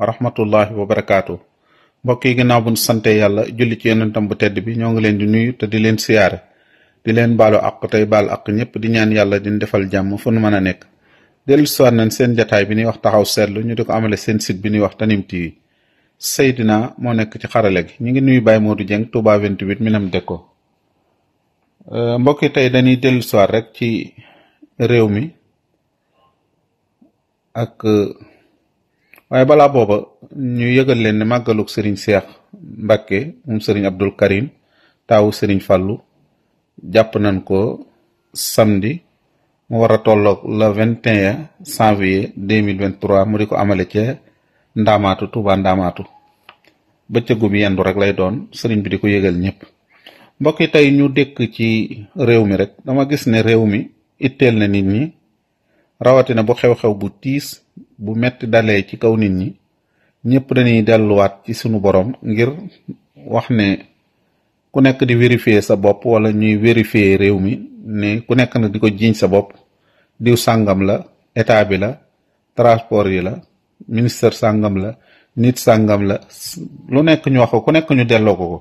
wa rahmatullahi wa barakaatu mbokk yi ginnaaw bu ñu sante yàlla julli ci yonentam bu tedd bi ñoo ngi leen di nuyu te di leen siyaare di leen baalo ak tey baal ak ñëpp di ñaan yàlla di defal jàmm fu nu mën a nekk dellu siwaat nañ seen jataay bi ñuy wax taxaw seetlu ñu di ko amale seen sit bi ñuy wax Tanime TV Seydina moo nekk ci xarale gi ñu ngi nuyu Baye Modou Dieng Touba 28 minam dëkko euh, mbokk yi tey dañuy dellu siwaat rek ci réew mi ak euh, waaye balaa booba ñu yëgal leen ne màggalug sëriñ Seex mbakke moom sëriñ Abdul Karim taawu sëriñ Fàllu jàpp nañ ko samedi mu war a tolloog le vingt et un janvier deux vingt trois mu di ko amale ca Ndaamaatu Tuuba Ndaamaatu bëccëgum yendu rek lay doon sëriñ bi di ko yëgal ñëpp mbokk yi tey ñu dëkk ci réew mi rek dama gis ne réew mi itteel na nit ñi rawatina bu xew-xew bu tiis bu metti dalee ci kaw nit ñi ñëpp dañuy delluwaat ci sunu borom ngir wax ne ku nekk di vérifier sa bopp wala ñuy vérifier réew mi ne ku nekk na di ko jiiñ sa bopp diw sàngam la état bi la transport yi la ministère sàngam la nit sàngam la lu nekk ñu wax ko ku nekk ñu delloo ko ko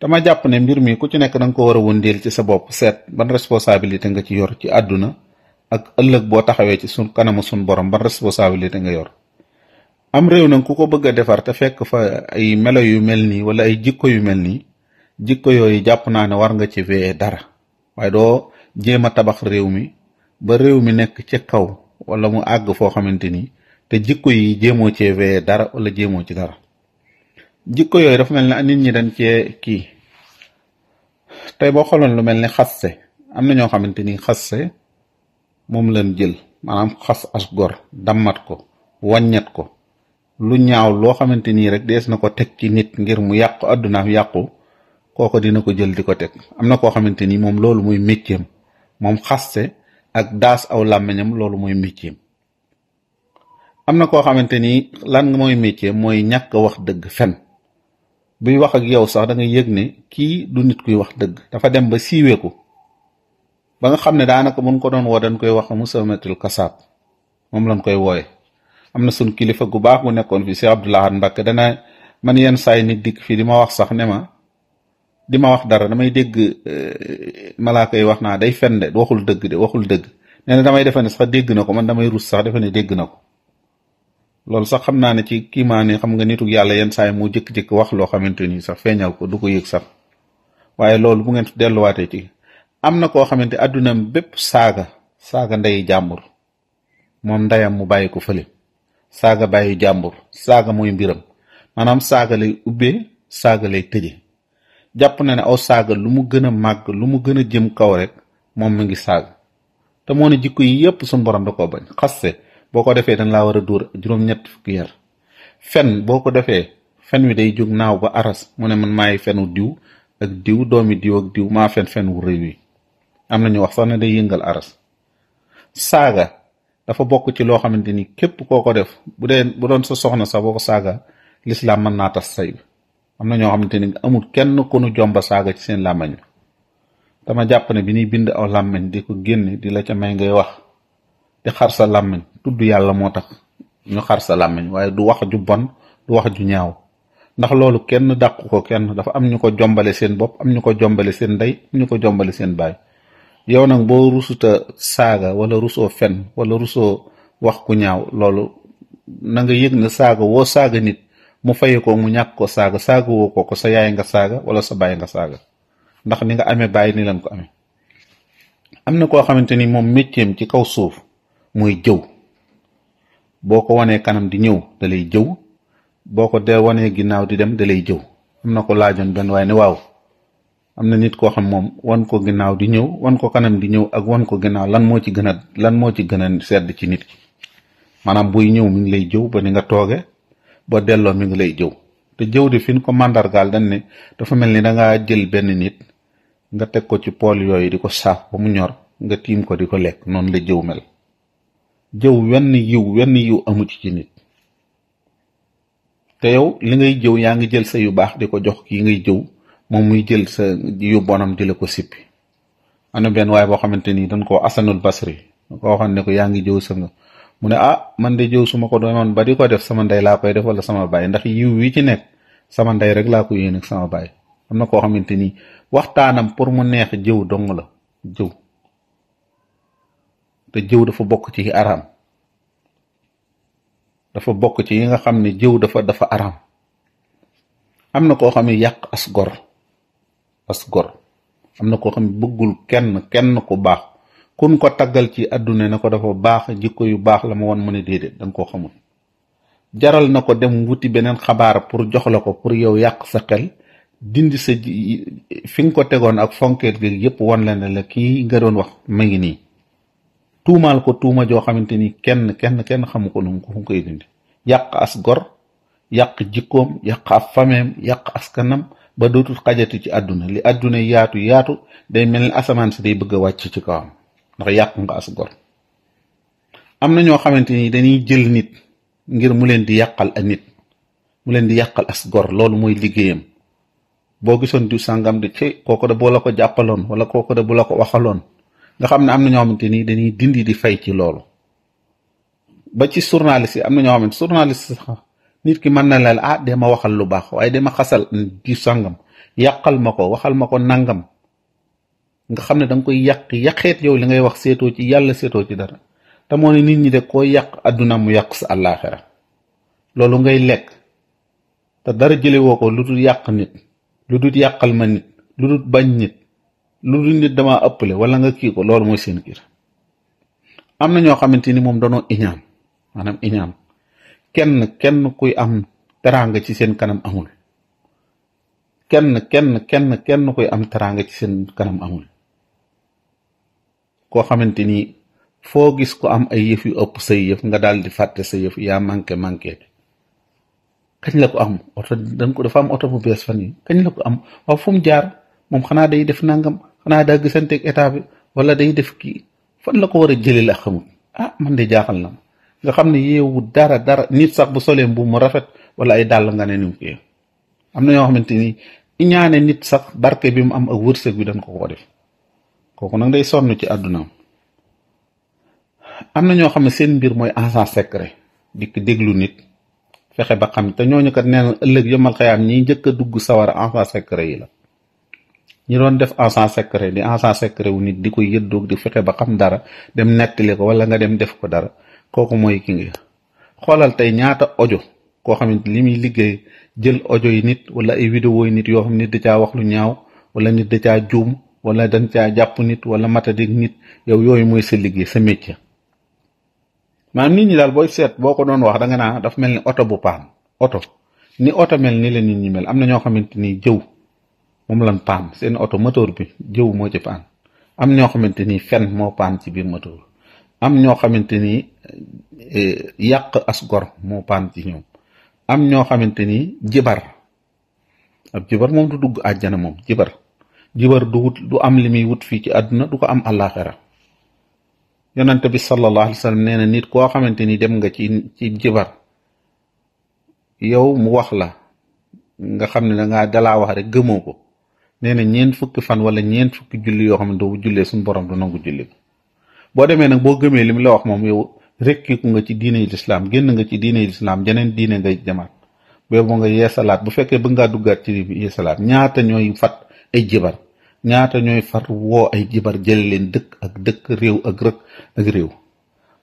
dama jàpp ne mbir mi ku ci nekk danga ko war a wëndeel ci sa bopp seet ban responsabilité nga ci yor ci àdduna ak ëllëg boo taxawee ci sun kanamu sun borom ban responsabilité nga yor am réew nag ku ko bëgg a defar te fekk fa ay melo yu mel nii wala ay jikko yu mel nii jikko yooyu jàpp naa ne war nga ci veye dara waaye doo jéem a tabax réew mi ba réew mi nekk ci kaw wala mu àgg foo xamante ni te jikko yi jéemoo cee veye dara wala jéemoo ci dara jikko yooyu dafa mel ne nit ñi dañ cee kii tey boo xooloon lu mel ni xaste am na ñoo xamante ni xaste moom lañ jël maanaam xas as gor dammat ko wàññat ko lu ñaaw loo xamante nii rek dees na ko teg ci nit ngir mu yàqu àddunaam yàqu kooko dina ko jël di ko teg am na koo xamante ni moom loolu muy mécceem moom xaste ak daas aw làmmiñam loolu mooy mécceem am na koo xamante ni lan mooy mécceem mooy ñàkk wax dëgg fen buy wax ak yow sax dangay nga yëg ne kii du nit kuy wax dëgg dafa dem ba siiwee ko ba nga xam ne daanaka mun ko doon woo dañ koy wax musamatul kasaab moom lañ koy wooye am na suñ kilifa gu baax gu nekkoon fii si Abdoulahan mbakk dana man yenn saay nit dikk fii di ma wax sax ne ma di ma wax dara damay dégg eh, malaaka yi wax naa day fen de waxul dëgg de waxul dëgg nee na damay defe ne sax dégg na ko man damay rus sax defe ne dégg na ko loolu sax xam naa ne ci kiimaa ne xam nga nituk yàlla yenn saay mu jëkk-jëkk wax loo xamante ni sax feeñal ko du ko yëg sax waaye loolu bu ngeen delluwaatee ci am na koo xamante àddunaam bépp saaga saaga ndeyu jàmbur moom ndeyam mu bàyyi ko fële saaga bàyyi jàmbur saaga mooy mbiram maanaam saaga lay ubbee saaga lay tëje jàpp na ne aw saaga lu mu gën a màgg lu mu gën a jëm kaw rek moom mu ngi saaga te moo ne jikko yi yépp suñu borom da koo bañ xaste boo ko defee dañ laa war a dóor juróom-ñett fukki yar fen boo ko defee fen wi day jóg naaw ba aras mu ne man maay fenu diw ak diw doomi diw ak diw maa fen fen wi am na ñu wax sax ne day yëngal aras saaga dafa bokk ci loo xamante ni képp koo ko def bu dee bu doon sa soxna sax boo ko saaga lislaam mën naa tas say am na ñoo xamante ni amul kenn kunu jomba saaga ci seen làmmañ dama jàpp ne bi ñuy bind aw làmmañ di ko di la ca may ngay wax di xar sa làmmañ tudd yàlla moo tax ñu xar sa làmmañ waaye du wax ju bon wax ju ñaaw ndax loolu kenn dàqu ko kenn dafa am ñu ko jombale seen bopp am ñu ko jombale seen ndey am ñu ko jombale seen baay yow nag boo rusuta saaga wala rusoo fen wala rusoo wax ku ñaaw loolu nanga nga yëg ne saaga woo saaga nit mu faye ko mu ñàkk ko saaga saaga woo ko ko sa yaay nga saaga wala sa bàyyi nga saaga ndax ni nga amee bàyyi ni lan ko amee am na koo xamante ni moom métiem ci kaw suuf muy jëw boo ko wanee kanam di ñëw dalay jëw boo ko dee wanee ginnaaw di dem dalay jëw am na ko laajoon benn waaye ne waaw am na nit koo xam moom wan ko ginnaaw di ñëw wan ko kanam di ñëw ak wan ko ginnaaw lan moo ci gën a lan moo ci gën a sedd ci nit ki maanaam buy ñëw mi ngi lay jëw ba ni nga tooge boo delloo mi ngi lay jëw te jëw di fin ko màndargaal dañ ne dafa mel ni danga jël benn nit nga teg ko ci pool yooyu di ko saaf ba mu ñor nga tiim ko di ko lekk noonu la jëw mel jëw wenn yiw wenn yiw amu ci ci nit te yow li ngay jëw yaa ngi jël sa yu baax di ko jox kii ngay jëw moom muy jël sa yu bonam di ko sippi am na benn waaye boo xamante nii dañ koo asanul basri ko waxoon ne ko yaa ngi jëw sa mu ne ah man de jëw suma ma ko doon ba di ko def sama ndey laa koy def wala sama baay ndax yiw wi ci nekk sama ndey rek laa ko yéen ak sama baay am na koo xamante ni waxtaanam pour mu neex jëw dong la jëw te jëw dafa bokk ci araam dafa bokk ci yi nga xam ne jëw dafa dafa araam am na koo xam yàq as gor as gor am na koo xam ne bëggul kenn kenn ko baax kun ko taggal ci àdduna na ko dafa baax jikko yu baax la ma woon mu ne déedéet danga koo xamul jaral na ko dem wuti beneen xabaar pour jox la ko pour yow yàq sa xel dindi sa fi nga ko tegoon ak fonkeel gi yépp wan la ne la kii wax ma ngi nii tuumaal ko tuuma joo xamante ni kenn kenn kenn xamu ko nu ko fu jikkoom yàq ab fameem yàq askanam ba dootul xajatu ci àdduna li àdduna yaatu yaatu day mel ni asamaan si day bëgg a wàcc ci kawam ndax yàqu nga as gor am na ñoo xamante ni dañuy jël nit ngir mu leen di yàqal a nit mu leen di yàqal as gor loolu mooy liggéeyam boo gisoon diw sàngam di ci kooku da boo la ko jàppaloon wala kooku da bu la ko waxaloon nga xam ne am na ñoo xamante ni dañuy dindi di fay ci loolu ba ci journaliste yi am na ñoo xamante journaliste sax nit ki mën na la ah de waxal lu baax waaye dema xasal di sàngam yàqal ma ko waxal ma ko nangam nga xam ne danga koy yàq yàqeet yow li ngay wax seetoo ci yàlla seetoo ci dara te moo ne nit ñi de koo yàq àdduna mu yàq sa àllaaxira loolu ngay lekk te dara jële woo ko lu dul yàq nit lu dul yàqal ma nit lu dul bañ nit lu dul nit damaa ëppale wala nga kii ko loolu mooy seen kir am na ñoo xamante ni moom danoo iñaan maanaam iñaam kenn kenn kuy am teraanga ci seen kanam amul kenn kenn kenn kenn kuy am teraanga ci seen kanam amul koo xamante ni foo gis ko am ay yëf yu ëpp sa yëf nga daal di fàtte sa yëf yaa manqué manqué kañ la ko am oto dañ ko dafa am oto bu bees fan yi am waaw jaar moom xanaa day def nangam xanaa daa gisanteeg état bi wala day def kii fan la ko war a jëlee la xamul ah man de jaaxal na nga xam ne yeewu dara dara nit sax bu solee mbubb mu rafet wala ay dàll nga ne ni ko am na ñoo xamante ni ñaane nit sax barke bi mu am ak wërsëg bi dañ ko koo def kooku nag day sonn ci àdduna am na ñoo xam ne seen mbir mooy agent secret dikk déglu nit fexe ba xam te ñooñu kat nee na ëllëg yëmal xayaam ñi njëkk a dugg sawar agent secret yi la ñi doon def agent secret di agent secret wu nit di ko yëddoog di fexe ba xam dara dem nettali ko wala nga dem def ko dara kooku mooy ki nga xoolal tey ñaata ojo koo xamante li muy liggéey jël ojo yi nit wala ay vidéo yi nit yoo xam nit da caa wax lu ñaaw wala nit da caa juum wala dañ caa jàpp nit wala matadik nit yow yooyu mooy sa liggéey sa métier. maanaam nit ñi daal booy seet boo ko doon wax danga naa daf mel ni oto bu paan oto ni oto mel ni la nit ñi mel am na ñoo xamante nii jëw moom lan paan seen oto moteur bi jëw moo ci paan am ñoo xamante ni fen moo paan ci biir moteur am ñoo xamante ni eh, yàq askor gor moo paan ci ñoom am ñoo xamante ni jibar ab jibar moom du dugg àjjana moom jibar jibar du du am li muy wut fii ci àdduna du ko am àllaaxira yonante bi sallallahu alayhi wa nee na nit koo xamante ni dem nga ci ci jibar yow mu wax la nga xam ne da ngaa dalaa wax rek gëmoo ko nee na ñeent fukki fan wala ñeent fukki julli yoo xam ne doo jullee suñu borom du nangu julli ko boo demee nag boo gëmee li mu la wax moom yow rekkiku nga ci diine lislaam génn nga ci diine lislaam jeneen diine ngay jamaat boobu moo nga yeesalaat bu fekkee bëgg ngaa duggaat ci yeesalaat ñaata ñooy fat ay jibar ñaata ñooy far woo ay jibar jële leen dëkk ak dëkk réew ak rëkk ak réew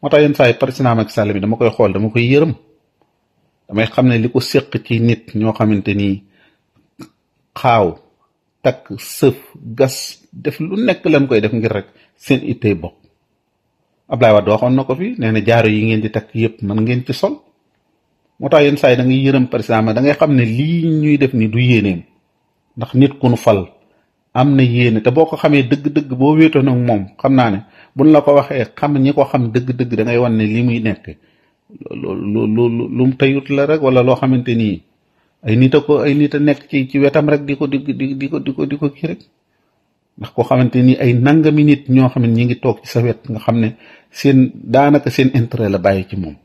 moo tax yenn saa yi président Macky Sall bi dama koy xool dama koy yërëm damay xam ne li ko séq ci nit ñoo xamante ni xaaw takk sëf gas def lu nekk lañ koy def ngir rek seen bokk Ablaye Wade waxoon na ko fi nee na jaaro yi ngeen di takk yëpp man ngeen ci sol moo tax yenn saa yi ngay yërëm président mais da xam ne lii ñuy def ni du yéeneem ndax nit ku nu fal am na yéene te boo ko xamee dëgg-dëgg boo wéetoo nag moom xam naa ne bu buñ la ko waxee xam ñi ko xam dëgg-dëgg dangay wan ne lii muy nekk lu lu lu mu tayut la rek wala loo xamante nii ay nit a ko ay nit a nekk ci ci wetam rek di ko di di ko di ko di ko kii rek ndax koo xamante ni ay nangami nit ñoo xam ne ñi ngi toog ci sa wet nga xam ne seen daanaka seen intérêt la bàyyi ci moom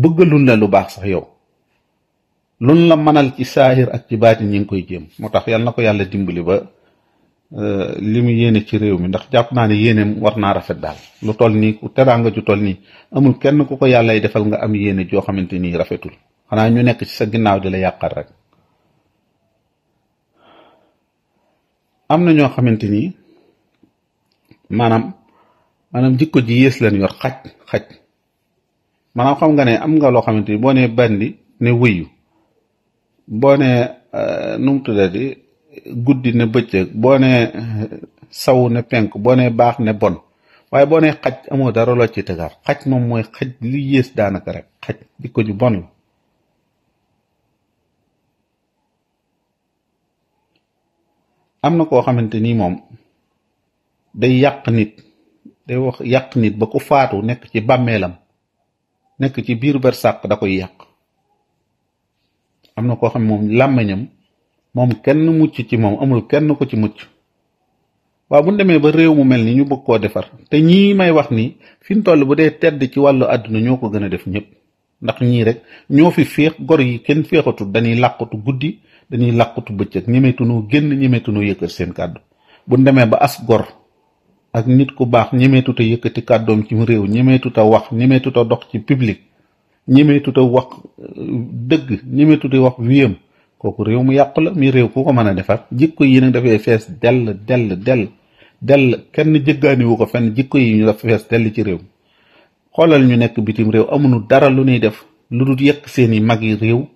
bëggalun la lu baax sax yow lun la mënal ci saahir ak ci baatin ñi ngi koy jéem moo tax yal na ko yàlla dimbali ba euh, li mu yéene ci réew mi ndax jàpp naa ne yéeneem war naa rafet daal lu toll nii ku teraanga ju toll nii amul kenn ku ko yàllay defal nga am yéene joo xamante nii rafetul xanaa ñu nekk ci sa ginnaaw di la yàqal rek am na ñoo xamante ni maanaam maanaam jikko ji yées leen yor xaj xaj maanaam xam nga ne am nga loo xamante ni boo nee bandi ne wëyu boo nee euh, nu mu tuddati guddi ne bëccëg boo nee euh, saw ne penk boo nee baax ne bon waaye boo ne xaj amoo dara loo ci tëgaar xaj moom mooy xaj li yées daanaka rek xaj jikko ji bon la am na koo xamante ni moom day yàq nit day wax yàq nit ba ku faatu nekk ci bàmmeelam nekk ci biir bar sàq da koy yàq am na koo xam moom làmmiñam moom kenn mucc ci moom amul kenn ko ci mucc waaw bu ñu demee ba réew mu mel ni ñu bëgg koo defar te ñii may wax ni fi mu toll bu dee tedd ci wàllu àdduna ñoo ko gën a def ñëpp ndax ñii rek ñoo fi féex gor yi kenn féexatul dañuy làqatu guddi dañuy làqutu bëccëg ñemeetunoo génn ñemeetunoo yëkkat seen kàddu bu demee ba as gor ak nit ku baax ñemeetuta yëkkati kàddoom ci réew ñemeetuta wax ñemeetuta dox ci public ñemeetuta wax euh, dëgg ñemeetuta wax wiyam kooku réew mu yàqu la mi réew ku ko mën a defar jikko yi nag dafay fees dell dell dell dell kenn jëggaaniwu ko fenn jikko yi ñu dafa fees dell ci réew xoolal ñu nekk bitim réew amuñu dara lu ñuy def lu dul yëkk seeni mag yi réew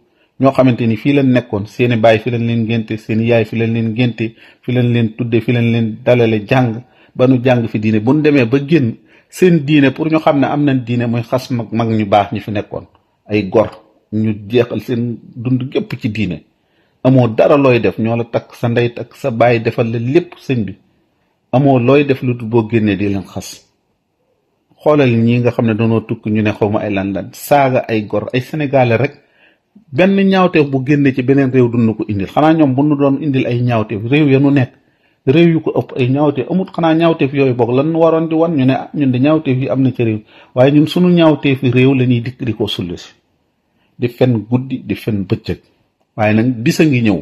ñoo xamante ni fii lañ nekkoon seeni baay fi lañ leen ngénte seeni yaay fi lañ leen ngénte fi lañ leen tudde fi lañ leen dalale jàng ba nu jàng fi diine bu nu demee ba génn seen diine pour ñu xam ne am nañ diine muy xas mag mag ñu baax ñu fi nekkoon ay gor ñu jeexal seen dund gépp ci diine amoo dara looy def ñoo la takk sa ndey takk sa baay defal la lépp sëñ bi amoo looy def lu boo génnee di leen xas xoolal ñi nga xam ne doonoo tukki ñu ne xaw ma ay lan lan saaga ay gor ay sénégalais rek benn ñaawteef bu génne ci beneen réew dund ko indil xanaa ñoom bu nu doon indil ay ñaawteef réew ya nu nekk réew yu ko ëpp ay ñaawteef amut xanaa ñaawteef yooyu boog lan waroon di wan ñu ne ah, ñun de ñaawteef yi am na ci waaye ñun sunu ñaawteef réew la ñuy dikk di ko sulli si di fen guddi di fen bëccëg waaye nag bis a ngi ñëw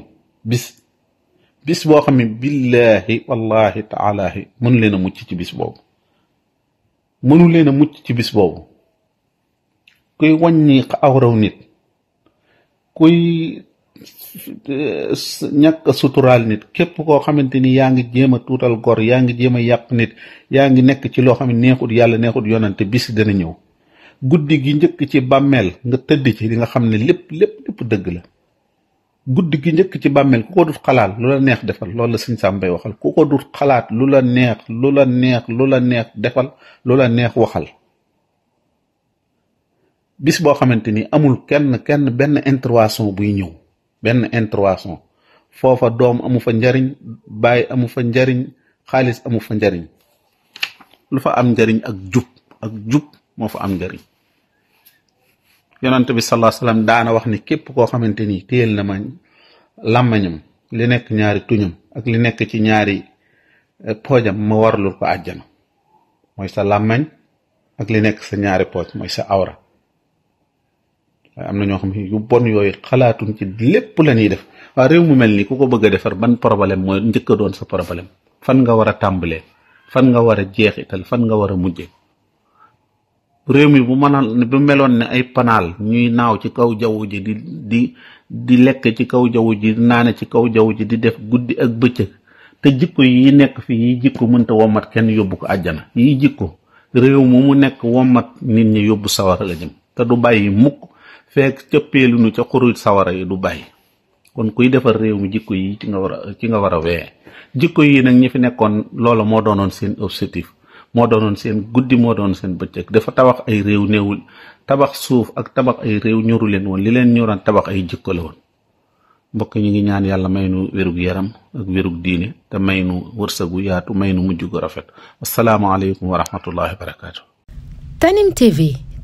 bis boo xam ne billaahi wallaahi taalaahi mënu leen a mucc ci bis boobu mënu leen a mucc ci bis boobu kuy wàññi awraw nit kuy ñàkk suturaal nit képp koo xamante ni yaa ngi jéem a tuutal gor yaa ngi jéem a yàq nit yaa ngi nekk ci loo xam ne neexut yàlla neexut yonante bis dana ñëw guddi gi njëkk ci bàmmeel nga tëdd ci li nga xam ne lépp lépp lépp dëgg la guddi gi njëkk ci bàmmeel ku ko dut xalaat lu la neex defal loolu la sëñ Sàmbay waxal ku ko dut xalaat lu la neex lu la neex lu la neex defal lu la neex waxal bis boo xamante ni amul kenn kenn benn intervention buy ñëw benn intervention foofa doom amu fa njariñ baay amu fa njariñ xaalis amu fa njariñ lu fa am njariñ ak jub ak jub moo fa am njariñ yonent bi sallallahu alayhi daana wax ni képp koo xamante ni téyel na ma làmmañam li nekk ñaari tuñam ak li nekk ci ñaari eh, poojam ma warlul ko àjjana mooy sa làmmañ ak li nekk sa ñaari pooj mooy sa awra am na ñoo xam yu bon yooyu xalaatuñ ci lépp la ñuy def waaw réew mu mel nii ku ko bëgg a defar ban problème mooy njëkk doon sa problème fan nga war a tàmbalee fan nga war a jeexital fan nga war a mujje réew mi bu mënoon bu meloon ne ay panaal ñuy naaw ci kaw jaww ji di di lekk ci kaw jaww ji naane ci kaw jaww ji di def guddi ak bëccëg te jikko yi nekk fi yi jikko mënta wommat kenn yóbbu ko àjjana yi jikko réew mu mu nekk wommat nit ñi yóbbu sawara la jëm te du bàyyi mukk lu cëppeeluñu ca xuruj sawara yi du bàyyi kon kuy defar réew mi jikko yi ci nga war a ci nga war a wee jikko yi nag ñi fi nekkoon loola moo doonoon seen objectif moo doonoon seen guddi moo doonoon seen bëccëg dafa tabax ay réew néewul tabax suuf ak tabax ay réew ñoru leen woon li leen ñoroon tabax ay jikko la woon mbokk ñu ngi ñaan yàlla may nu wérug yaram ak wérug diine te may nu wërsëgu yaatu may nu mujj gu rafet asalaamaaleykum wa rahmatullahi